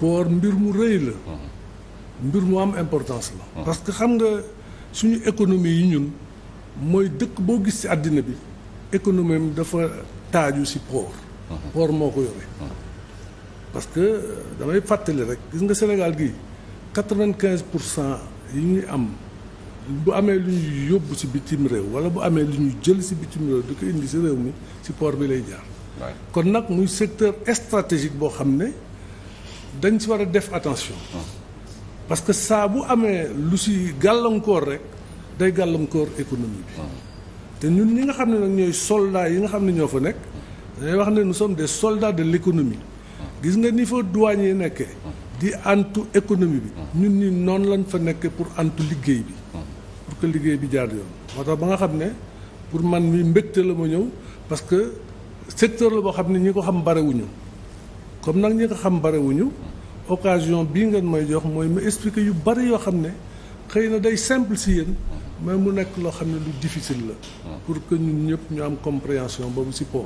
koor mbir mu rëy la mbir mu am importance la parce que xam nga suñu économie yi ñun mooy dëkk boo gis ci àddina bi économie am dafa taaju ci port port moo ko yore parce que euh, damay fàttali rek gis nga Sénégal gi quatre-vingt-quinze pour cent yi ñuy am bu amee lu ñu yóbbu ci bitim réew walla bu amee lu ñu jël ci bitim réew di ko indi ci réew mi ci port bi lay jaar kon nag muy secteur stratégique boo xam ne dañ si war a def attention parce que saa bu amee lu si gàllankoor rek day gàllankoor économie bi te ñun ñi nga xam ne nag ñooy soldats yi nga xam ne ñoo fa nekk dañuy wax ne nu sommes des soldats de l'économie gis nga ni fa douane yi nekkee di antu économie bi ñun ñi noonu lañ fa nekkee pour antu liggéey bi pour que liggéey bi jaar yoon moo tax ba nga xam ne pour man mi mbégte la ma ñëw parce que secteur la boo xam ne ñi ko xam barewuñu comme nag ñi nga xam barewuñu occasion bii ngeen may jox mooy ma expliquer yu bari yoo xam ne xëy na day simple si yéen mais mu nekk loo xam ne lu difficile la pour que ñun ñëpp ñu am compréhension boobu si po